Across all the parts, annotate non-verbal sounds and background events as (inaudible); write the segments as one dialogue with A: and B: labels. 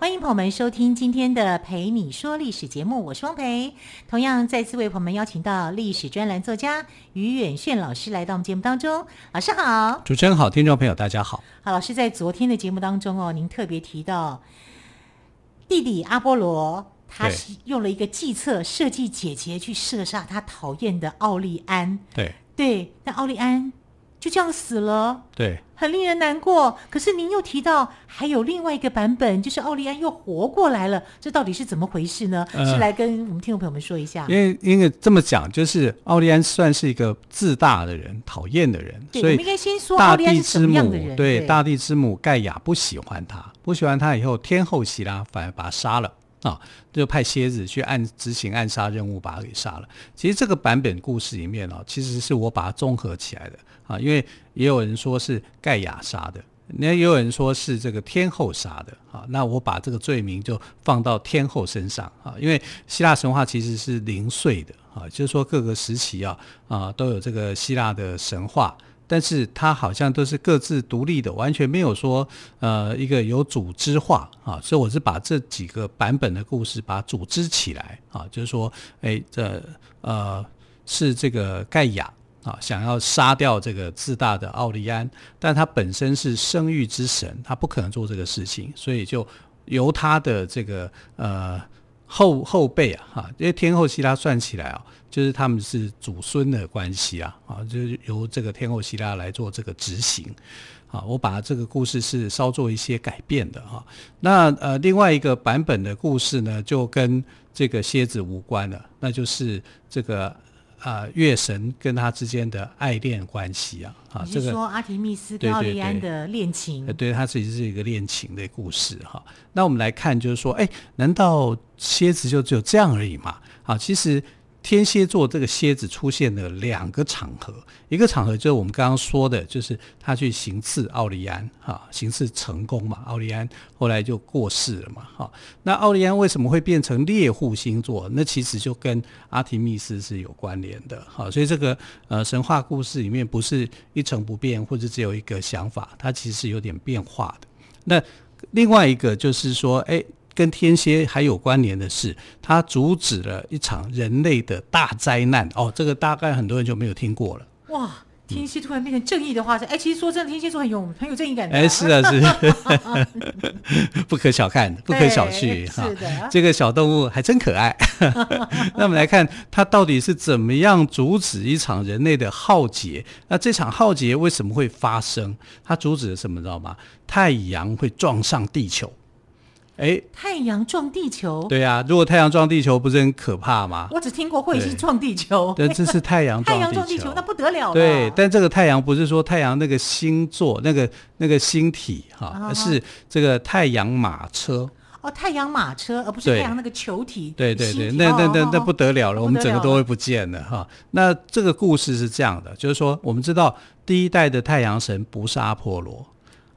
A: 歡迎朋友們收聽今天的《蓓你說歷史》節目，我是汪蓓。同樣再次為朋友們邀請到歷史專欄作家於遠炫老師來到我們節目當中。老師好，
B: 主持人好，聽眾朋友大家好。
A: 好，老師在昨天的節目當中哦，您特別提到弟弟阿波羅，他是用了一個計策設計姐姐去射殺他討厭的奧立安。對對，但奧立安。就這樣死了，對，很令人難過。可是您又提到還有另外一個版本，就是奧立安又活過來了，這到底是怎麼回事呢？呃、是來跟我們聽眾朋友們說一下。因
B: 為因為這麼講，就是奧立安算是一個自大的人，討厭的人，對所以應該先說大地之母。之母對，大地之母蓋亞不喜歡他，對不喜歡他以後，天後希拉反而把他殺了啊，就派蠍子去暗執行暗殺任務，把他給殺了。其實這個版本故事裡面哦，其實是我把它綜合起來的。啊，因為也有人說是蓋亞殺的，那也有人說是這個天后殺的啊。那我把這個罪名就放到天后身上啊，因為希臘神話其實是零碎的啊，就是說各個時期啊啊都有這個希臘的神話，但是它好像都是各自獨立的，完全沒有說呃一個有組織化啊。所以我是把這幾個版本的故事把它組織起來啊，就是說，哎，這呃是這個蓋亞。啊，想要殺掉這個自大的奧立安，但他本身是生育之神，他不可能做這個事情，所以就由他的這個呃後後輩啊，哈，因為天後希拉算起來啊，就是他們是祖孫的關係啊，啊，就是由這個天後希拉來做這個執行。啊，我把這個故事是稍做一些改變的哈、啊。那呃，另外一個版本的故事呢，就跟這個蠍子無關了，那就是這個。啊、呃，月神跟他之間的愛戀關係啊，啊，就是這個說阿
A: 提密斯跟奧立安的戀情，對、
B: 對、對，他其實是一個戀情的故事哈、啊。那我們來看，就是說，哎，難道蠍子就只有這樣而已嗎？啊，其實。天蠍座這個蠍子出現了兩個場合，一個場合就是我們剛剛說的，就是他去行刺奧立安，哈，行刺成功嘛，奧立安後來就過世了嘛，哈。那奧立安為什麼會變成獵戶星座？那其實就跟阿提密斯是有關聯的，哈。所以這個呃神話故事裡面不是一成不變，或者只有一個想法，它其實是有點變化的。那另外一個就是說，誒……跟天蠍還有關聯的是，它阻止了一場人類的大災難哦。這個大概很多人就沒有聽過了。
A: 哇，天蠍突然變成正義的化身？哎、嗯欸，其實說真的，天蠍座很有很有正義感的、啊。哎、欸，是啊，是 (laughs)
B: 不可小看，不可小覷哈、欸啊啊。這個小動物還真可愛。 (laughs) 那我們來看，它到底是怎麼樣阻止一場人類的浩劫？那這場浩劫為什麼會發生？它阻止了什麼，知道嗎？太陽會撞上地球。哎，
A: 太陽撞地球？對
B: 呀，如果太陽撞地球，不是很可怕嗎？我
A: 只聽過彗星撞地球，但這是太陽撞地球，那不得了。對，
B: 但這個太陽不是說太陽那個星座那個那個星體哈，而是這個太陽馬車。
A: 哦，太陽馬車，而不是太陽那個球體。對對對，那那那那不得了了，我們整個都會
B: 不見了哈。那這個故事是這樣的，就是說，我們知道第一代的太陽神不是阿波羅。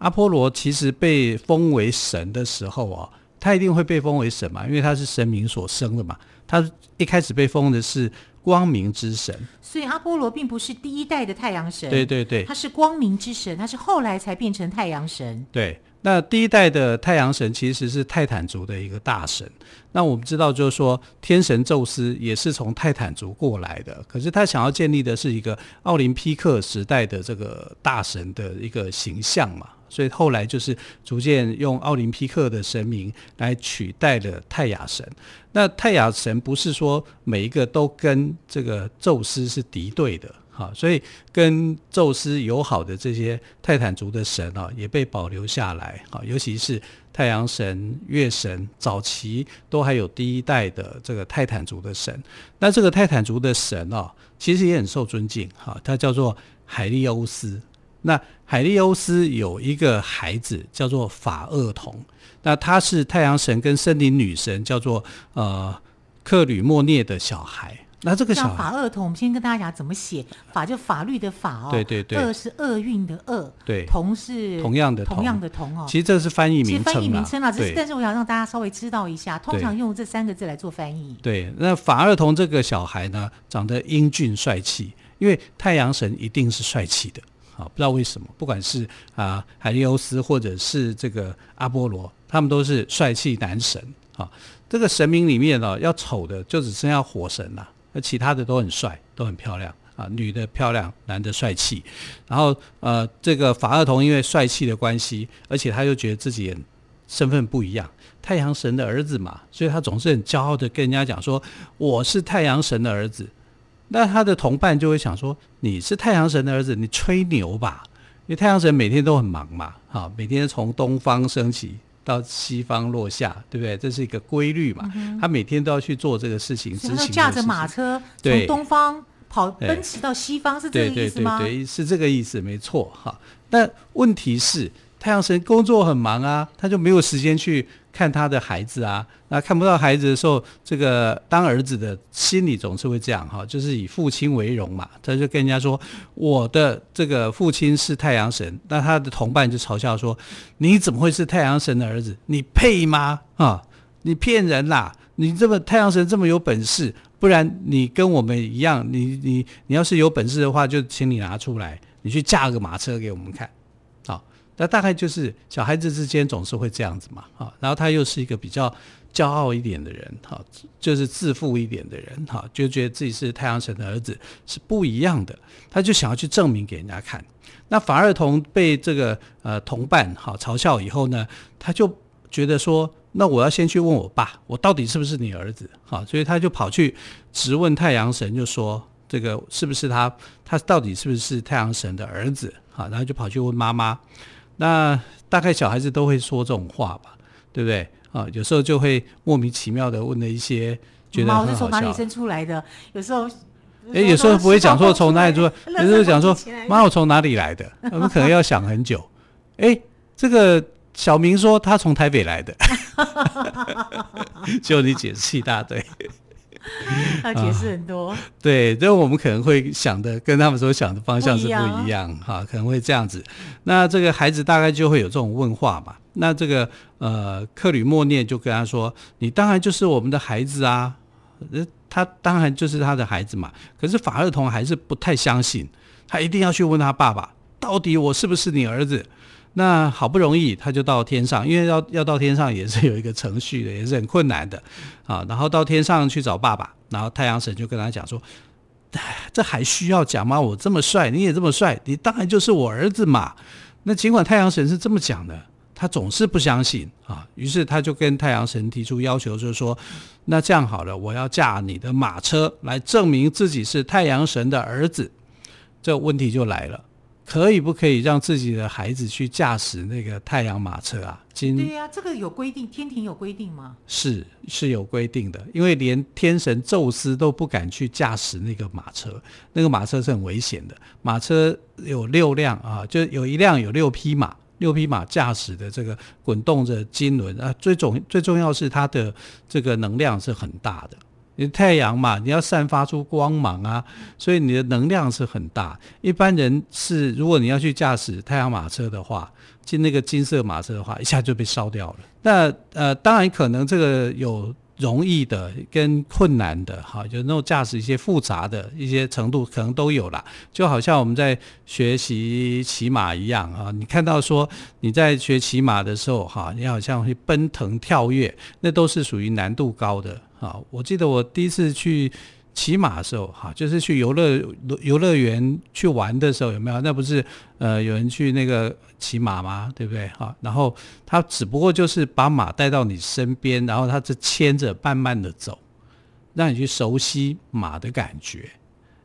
B: 阿波羅其實被封為神的時候啊，他一定會被封為神嘛，因為他是神明所生的嘛。他一開始被封的是光明之神，
A: 所以阿波羅並不是第一代的太陽神。對對對，他是光明之神，他是後來才變成太陽神。
B: 對，那第一代的太陽神其實是泰坦族的一個大神。那我們知道，就是說天神宙斯也是從泰坦族過來的，可是他想要建立的是一個奧林匹克時代的這個大神的一個形象嘛。所以後來就是逐漸用奧林匹克的神明來取代了泰雅神。那泰雅神不是說每一個都跟這個宙斯是敵對的，哈。所以跟宙斯友好的這些泰坦族的神啊，也被保留下來，哈。尤其是太陽神、月神，早期都還有第一代的這個泰坦族的神。那這個泰坦族的神啊，其實也很受尊敬，哈。他叫做海利歐斯。那海利歐斯有一個孩子叫做法厄同，那他是太陽神跟森林女神叫做呃克呂莫涅的小孩。那這個小孩法
A: 厄同，我們先跟大家講怎麼寫法，就法律的法哦，對對對，厄是厄運的厄，對，同是同樣的同，同樣的同哦。其實
B: 這是翻譯名稱，其實翻譯名稱啊，只是對但是
A: 我想讓大家稍微知道一下，通常用這三個字來做翻譯。
B: 對，那法厄同這個小孩呢，長得英俊帥氣，因為太陽神一定是帥氣的。啊、哦，不知道為什麼，不管是啊、呃、海利歐斯或者是這個阿波羅，他們都是帥氣男神啊、哦。這個神明裡面哦，要醜的就只剩下火神了，那其他的都很帥，都很漂亮啊、呃。女的漂亮，男的帥氣。然後呃，這個法厄同因為帥氣的關係，而且他又覺得自己身份不一樣，太陽神的兒子嘛，所以他總是很驕傲的跟人家講說：“我是太陽神的兒子。”那他的同伴就會想說：“你是太陽神的兒子，你吹牛吧？因為太陽神每天都很忙嘛，哈、啊，每天從東方升起到西方落下，對不對？這是一個規律嘛。嗯、哼他每天都要去做這個事情，駕着馬車從對東
A: 方跑奔馳到西方，欸、是這個意思嗎？對對對，
B: 是這個意思，沒錯哈、啊。但問題是，太陽神工作很忙啊，他就沒有時間去。”看他的孩子啊，那、啊、看不到孩子的時候，這個當兒子的心裡總是會這樣哈、哦，就是以父親為榮嘛。他就跟人家說：“我的這個父親是太陽神。”那他的同伴就嘲笑說：“你怎麼會是太陽神的兒子？你配嗎？啊，你騙人啦！你這麼太陽神這麼有本事，不然你跟我們一樣，你你你要是有本事的話，就請你拿出來，你去駕個馬車給我們看。”那大概就是小孩子之間總是會這樣子嘛，哈、哦，然後他又是一個比較驕傲一點的人，哈、哦，就是自負一點的人，哈、哦，就覺得自己是太陽神的兒子是不一樣的，他就想要去證明給人家看。那反而同被這個呃同伴哈、哦、嘲笑以後呢，他就覺得說，那我要先去問我爸，我到底是不是你兒子，哈、哦，所以他就跑去質問太陽神，就說這個是不是他，他到底是不是太陽神的兒子，哈、哦，然後就跑去問媽媽。那大概小孩子都會說這種話吧，對不對？啊，有時候就會莫名其妙的問了一些，覺得很好笑。貓是從哪裡生
A: 出來的？有
B: 時候，哎、欸，有時候不會講說從哪裡出，哪裡出來，有時候講說貓我從哪裡來的， (laughs) 我們可能要想很久。哎、欸，這個小明說他從台北來的， (laughs) 就你解釋一大堆。 (laughs)
A: 他
B: 解釋很多，對，這我們可能會想的跟他們所想的方向是不一樣，哈、啊啊，可能會這樣子。那這個孩子大概就會有這種問話嘛？那這個呃，克呂默涅就跟他說：“你當然就是我們的孩子啊，呃、他當然就是他的孩子嘛。”可是法厄同還是不太相信，他一定要去問他爸爸：“到底我是不是你兒子？”那好不容易他就到天上，因為要要到天上也是有一個程序的，也是很困難的，啊，然後到天上去找爸爸。然後太陽神就跟他講說：“這還需要講嗎？我這麼帥，你也這麼帥，你當然就是我兒子嘛。”那儘管太陽神是這麼講的，他總是不相信啊。於是他就跟太陽神提出要求，就是說：“那這樣好了，我要駕你的馬車來證明自己是太陽神的兒子。”這問題就來了。可以不可以讓自己的孩子去駕駛那個太陽馬車啊？金對呀、啊，
A: 這個有規定，天庭有規定嗎？
B: 是是有規定的，因為連天神宙斯都不敢去駕駛那個馬車，那個馬車是很危險的。馬車有六輛啊，就有一輛有六匹馬，六匹馬駕駛的這個滾動着金輪啊，最重最重要是它的這個能量是很大的。你太陽嘛，你要散發出光芒啊，所以你的能量是很大。一般人是，如果你要去駕駛太陽馬車的話，進那個金色馬車的話，一下就被燒掉了。那呃，當然可能這個有容易的跟困難的，哈，就是、那駕駛一些複雜的、一些程度可能都有啦。就好像我們在學習騎馬一樣啊，你看到說你在學騎馬的時候，哈、啊，你好像會奔騰跳躍，那都是屬於難度高的。啊，我記得我第一次去騎馬的時候，哈，就是去遊樂遊樂園去玩的時候，有沒有？那不是呃，有人去那個騎馬嗎？對不對？哈，然後他只不過就是把馬帶到你身邊，然後他就牽着慢慢的走，讓你去熟悉馬的感覺。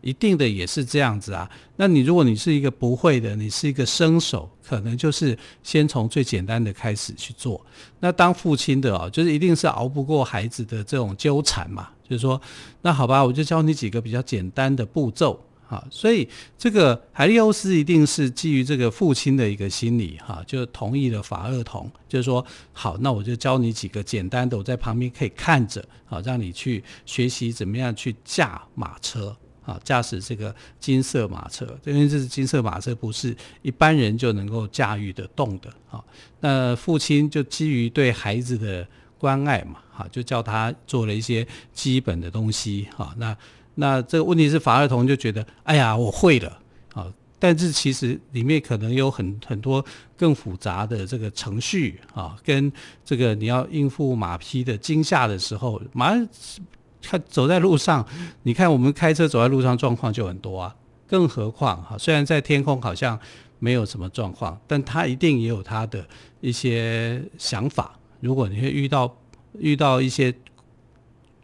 B: 一定的也是這樣子啊。那你如果你是一個不會的，你是一個生手，可能就是先從最簡單的開始去做。那當父親的哦，就是一定是熬不過孩子的這種糾纏嘛。就是說，那好吧，我就教你幾個比較簡單的步驟啊。所以這個海利歐斯一定是基於這個父親的一個心理哈，就同意了法厄同。就是說好，那我就教你幾個簡單的，我在旁邊可以看着啊，讓你去學習怎麼樣去駕馬車。啊，駕駛這個金色馬車，因為這是金色馬車，不是一般人就能夠駕馭得動的啊。那父親就基於對孩子的關愛嘛，哈，就叫他做了一些基本的東西哈。那那這個問題是法厄同就覺得，哎呀，我會了啊。但是其實裡面可能有很很多更複雜的這個程序啊，跟這個你要應付馬匹的驚嚇的時候，馬上。他走在路上，你看我們開車走在路上狀況就很多啊，更何況哈，雖然在天空好像沒有什麼狀況，但他一定也有他的一些想法。如果你會遇到遇到一些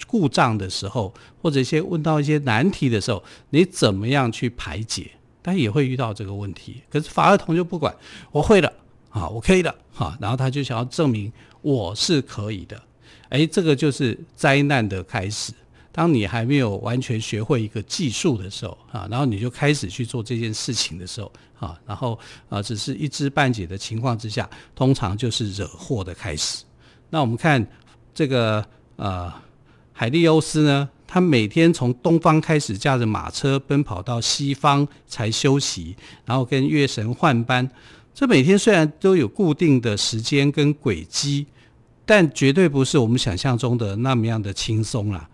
B: 故障的時候，或者一些問到一些難題的時候，你怎麼樣去排解？但也會遇到這個問題。可是法厄同就不管，我會了啊，我可以了哈，然後他就想要證明我是可以的。哎、欸，這個就是災難的開始。當你還沒有完全學會一個技術的時候，啊，然後你就開始去做這件事情的時候，啊，然後啊，只是一知半解的情況之下，通常就是惹禍的開始。那我們看這個呃，海利歐斯呢，他每天從東方開始駕着馬車奔跑到西方才休息，然後跟月神換班。這每天雖然都有固定的時間跟軌跡。但絕對不是我們想象中的那麼樣的輕鬆啦，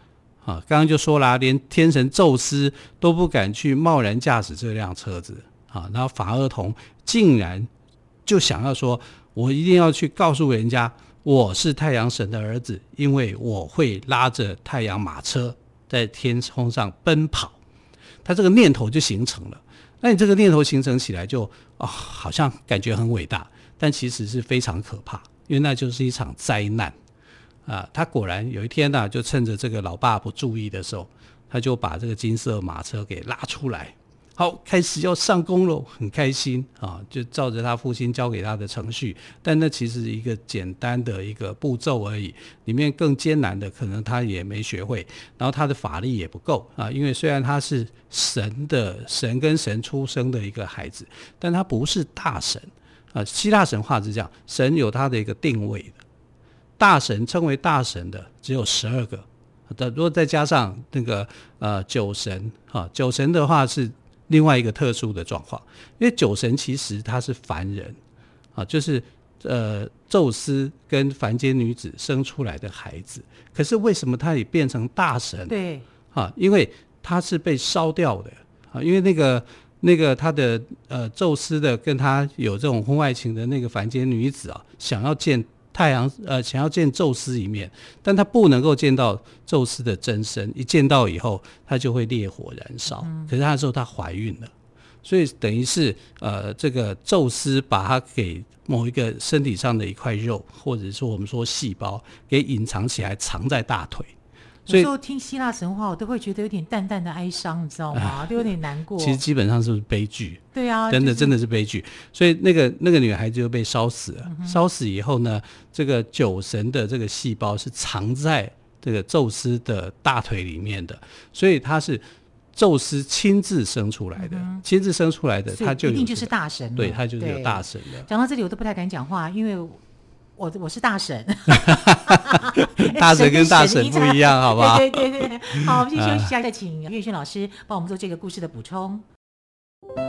B: 啊，剛剛就說啦，連天神宙斯都不敢去貿然駕駛這輛車子，啊，然後法厄同竟然就想要說，我一定要去告訴人家我是太陽神的兒子，因為我會拉着太陽馬車在天空上奔跑，他這個念頭就形成了。那你這個念頭形成起來就，就、哦、啊，好像感覺很偉大，但其實是非常可怕。因為那就是一場災難，啊，他果然有一天呢，啊，就趁着這個老爸不注意的時候，他就把這個金色馬車給拉出來，好，開始要上工了，很開心啊，就照着他父親教給他的程序，但那其實一個簡單的一個步驟而已，裡面更艱難的可能他也沒學會，然後他的法力也不夠啊，因為雖然他是神的神跟神出生的一個孩子，但他不是大神。啊，希臘神話是這樣，神有他的一個定位的，大神稱為大神的只有十二個的、啊，如果再加上那個呃酒神哈，酒、啊、神的話是另外一個特殊的狀況，因為酒神其實他是凡人啊，就是呃宙斯跟凡間女子生出來的孩子，可是為什麼他也變成大神？對，哈、啊，因為他是被燒掉的啊，因為那個。那個他的呃，宙斯的跟他有這種婚外情的那個凡間女子啊，想要見太陽呃，想要見宙斯一面，但他不能夠見到宙斯的真身。一見到以後，他就會烈火燃燒。嗯、可是那時候她懷孕了，所以等於是呃，這個宙斯把她給某一個身體上的一塊肉，或者說我們說細胞，給隱藏起來，藏在大腿。所以說
A: 聽希臘神話，我都會覺得有點淡淡的哀傷，你知道嗎？都、啊、有點難過。其實
B: 基本上是不是悲劇。對啊，真的、就是、真的是悲劇。所以那個那個女孩子就被燒死了。燒、嗯、哼死以後呢，這個酒神的這個細胞是藏在這個宙斯的大腿裡面的，所以他是宙斯親自生出來的，親、嗯、哼自生出來的，他就一定就是大神、這個。對，他就是有大神的。
A: 講到這裡，我都不太敢講話，因為我我是大神。 (laughs) (laughs) (laughs) 大神跟大神不一樣，好不好？神神，對對對，好，我們先休息一下，再請岳勳老師幫我們做這個故事的補充、啊。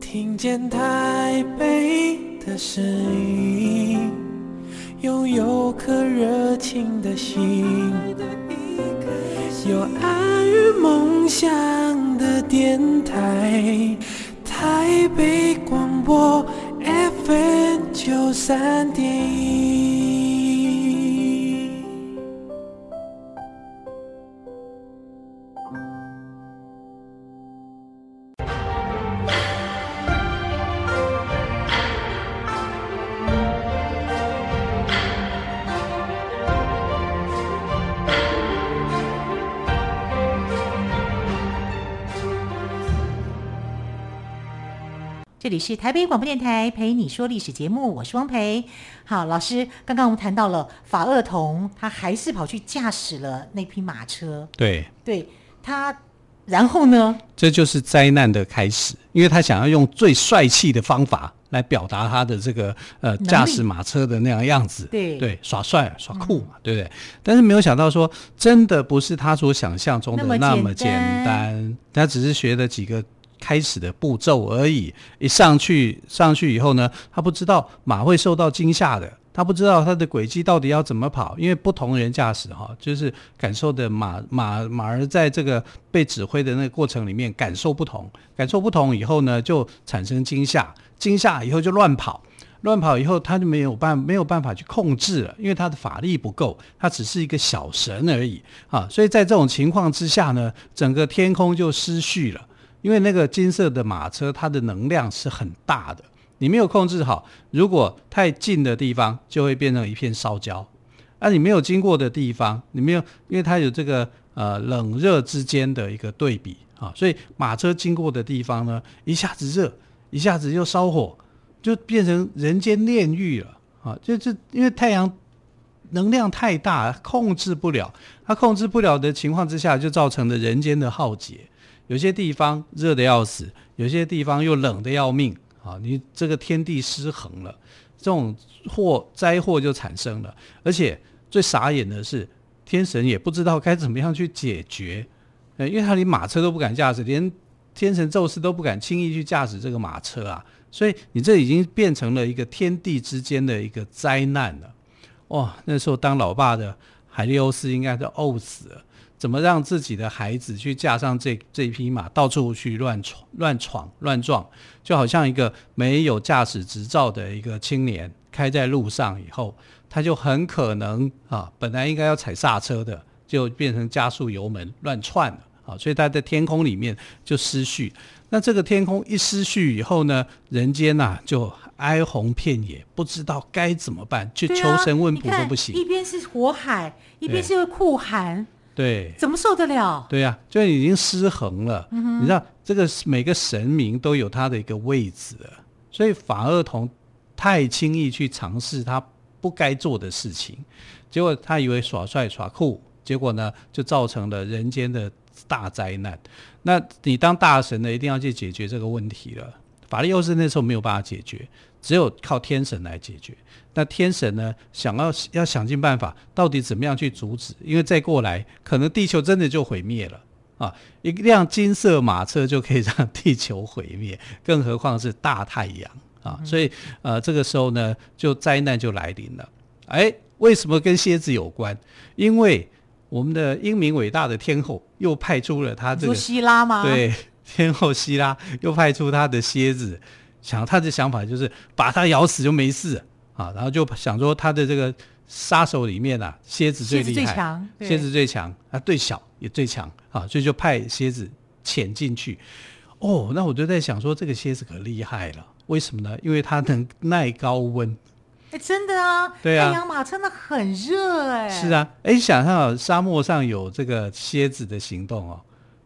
B: 聽見台北的聲音，擁有顆熱情的心。有愛與夢想的電
A: 台，台北廣播 FM93.1。這裡是台北廣播電台蓓你說歷史節目，我是汪蓓。好，老師，剛剛我們談到了法厄同，他還是跑去駕駛了那匹馬車。對、對，他，然後呢？
B: 這就是災難的開始，因為他想要用最帥氣的方法來表達他的這個呃能力，駕駛馬車的那樣樣子。對、對，耍帥耍酷嘛，嗯、對不對？但是沒有想到說，真的不是他所想象中的那麼簡單。簡單他只是學了幾個。開始的步驟而已，一上去上去以後呢，他不知道馬會受到驚嚇的，他不知道他的軌跡到底要怎麼跑，因為不同人駕駛哈，就是感受的馬馬馬兒在這個被指揮的那個過程裡面感受不同，感受不同以後呢，就產生驚嚇，驚嚇以後就亂跑，亂跑以後他就沒有辦沒有辦法去控制了，因為他的法力不夠，他只是一個小神而已啊，所以在這種情況之下呢，整個天空就失序了。因為那個金色的馬車，它的能量是很大的，你沒有控制好，如果太近的地方，就會變成一片燒焦，那、啊、你沒有經過的地方，你沒有，因為它有這個呃冷熱之間的一個對比啊，所以馬車經過的地方呢，一下子熱，一下子又燒火，就變成人間煉獄了啊！就就是因為太陽能量太大，控制不了，它控制不了的情況之下，就造成了人間的浩劫。有些地方熱的要死，有些地方又冷的要命啊！你這個天地失衡了，這種禍災禍就產生了。而且最傻眼的是，天神也不知道該怎麼樣去解決，欸，因為他連馬車都不敢駕駛，連天神宙斯都不敢輕易去駕駛這個馬車啊！所以你這已經變成了一個天地之間的一個災難了。哇，那時候當老爸的海利歐斯應該都嘔死了。怎麼讓自己的孩子去駕上這這匹馬，到處去亂闖、亂闖、亂撞？就好像一個沒有駕駛執照的一個青年開在路上以後，他就很可能啊，本來應該要踩剎車的，就變成加速油門亂竄了啊！所以他在天空裡面就失序，那這個天空一失序以後呢，人間吶、啊、就哀鴻遍野，不知道該怎麼辦，去求神問卜都不行、啊。一
A: 邊是火海，一邊是酷寒。對，怎麼受得了？
B: 對啊，就已經失衡了。嗯、哼你知道，這個每個神明都有他的一個位置了，所以法厄同太輕易去嘗試他不該做的事情，結果他以為耍帥耍酷，結果呢就造成了人間的大災難。那你當大神呢，一定要去解決這個問題了。法力又是那時候沒有辦法解決。只有靠天神來解決，那天神呢想要要想盡辦法，到底怎麼樣去阻止？因為再過來，可能地球真的就毀滅了啊！一輛金色馬車就可以讓地球毀滅，更何況是大太陽啊！嗯、所以呃，這個時候呢，就災難就來臨了。哎，為什麼跟蠍子有關？因為我們的英明偉大的天后又派出了他這個希拉嗎？對，天後希拉又派出他的蠍子。想他的想法就是把它咬死就沒事啊，然後就想說他的這個殺手裡面吶、啊，蠍子最厲害，蠍子最強，蠍子最強啊，最小也最強啊，所以就派蠍子潛進去。哦，那我就在想說這個蠍子可厲害了，為什麼呢？因為它能耐高溫。
A: 哎，真的啊。對啊，太陽馬真的很熱哎、欸。
B: 是啊，哎，想象沙漠上有這個蠍子的行動哦。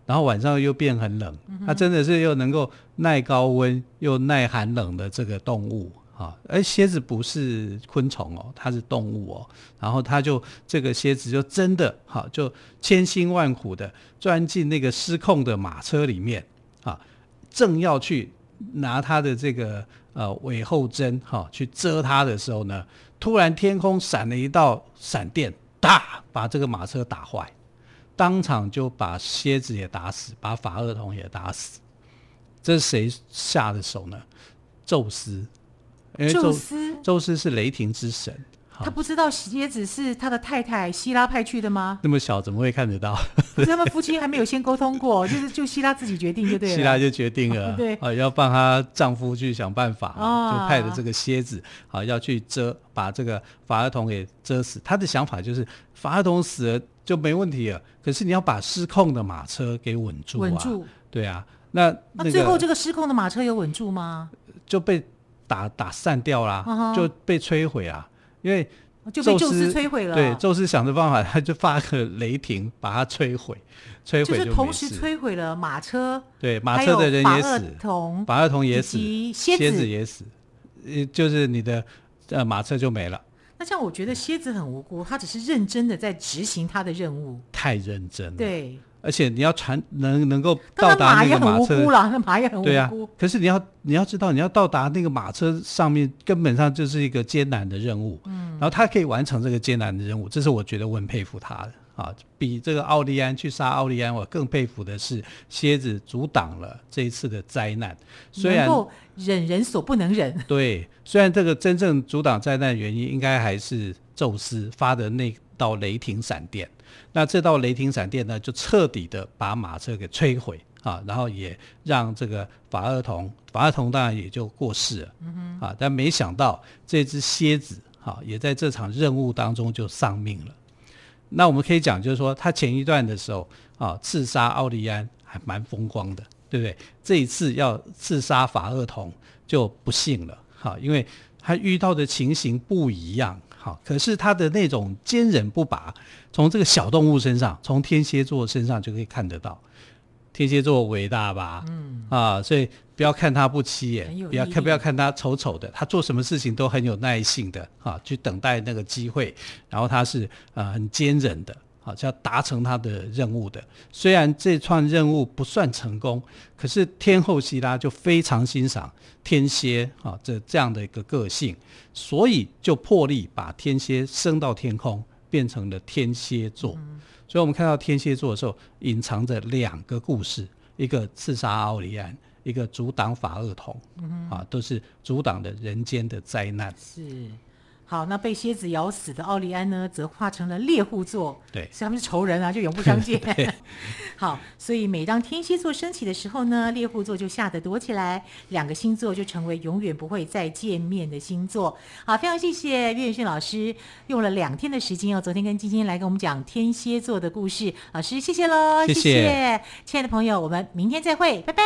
B: 然後晚上又變很冷，它真的是又能夠耐高溫又耐寒冷的這個動物哈，哎、啊，蠍子不是昆蟲哦，它是動物哦。然後它就這個蠍子就真的哈、啊，就千辛萬苦的鑽進那個失控的馬車裡面啊，正要去拿它的這個呃尾後針哈、啊、去蟄它的時候呢，突然天空閃了一道閃電，噠，把這個馬車打壞。當場就把蠍子也打死，把法厄同也打死，這是誰下的手呢？宙斯，因為宙，宙斯，宙斯是雷霆之神。他
A: 不知道蠍子是他的太太希拉派去的嗎？
B: 那麼小怎麼會看得到？是他們夫
A: 妻還沒有先溝通過， (laughs) 就是就希拉自己決定就對了，對不對？希
B: 拉就決定了，哦、對，啊，要幫她丈夫去想辦法，哦啊、就派的這個蠍子，啊，要去蜇把這個法厄同給蜇死。他的想法就是法厄同死了就沒問題了。可是你要把失控的馬車給穩住、啊、住，穩住，對啊，那那個啊、最後這個
A: 失控的馬車有穩住嗎？
B: 就被打打散掉啦，啊、哈就被摧毀啊。因為就被宙斯摧毀了，對，宙斯想的辦法，他就發個雷霆把它摧毀，摧毀就沒事，就是同時摧
A: 毀了馬車，對，馬車的人也死，法厄同也死，蠍子，蠍子也
B: 死，呃，就是你的呃馬車就沒了。
A: 那像我覺得蠍子很無辜，對他只是認真的在執行他的任務，
B: 太認真了。對。而且你要傳能能夠到達那個馬車，馬也很無辜啦，
A: 馬也很無辜。對呀、啊。
B: 可是你要你要知道，你要到達那個馬車上面，根本上就是一個艱難的任務。嗯，然後他可以完成這個艱難的任務，這是我覺得我很佩服他的啊。比這個奧利安去殺奧利安，我更佩服的是蠍子阻擋了這一次的災難。雖然能夠
A: 忍人所不能忍，
B: 對。雖然這個真正阻擋災難的原因，應該還是宙斯發的那道雷霆閃電。那這道雷霆閃電呢，就徹底的把馬車給摧毀啊，然後也讓這個法厄同，法厄同當然也就過世了，啊，但沒想到這隻蠍子，哈、啊，也在這場任務當中就喪命了。那我們可以講，就是說他前一段的時候啊，刺殺奧立安還蠻風光的，對不對？這一次要刺殺法厄同就不幸了，哈、啊，因為他遇到的情形不一樣。好，可是他的那種堅韌不拔，從這個小動物身上，從天蠍座身上就可以看得到。天蠍座偉大吧？嗯啊，所以不要看他不起眼不，不要看不要看他醜醜的，他做什麼事情都很有耐性的啊，去等待那個機會，然後他是呃很堅韌的。好、啊、要達成他的任務的。雖然這串任務不算成功，可是天後希拉就非常欣賞天蠍啊，這這樣的一個個性，所以就破例把天蠍升到天空，變成了天蠍座。嗯、所以，我們看到天蠍座的時候，隱藏着兩個故事：一個刺殺奧立安，一個阻擋法厄同啊，都是阻擋的人間的災難。是。
A: 好，那被蠍子咬死的奧立安呢，則化成了獵戶座。對，所以他們是仇人啊，就永不相見。 (laughs) 對好，所以每當天蠍座升起的時候呢，獵戶座就嚇得躲起來，兩個星座就成為永遠不會再見面的星座。好，非常謝謝岳云迅老師用了兩天的時間哦，昨天跟今天來跟我們講天蠍座的故事。老師，謝謝嘍，謝謝，謝謝，親愛的朋友，我們明天再會，拜拜。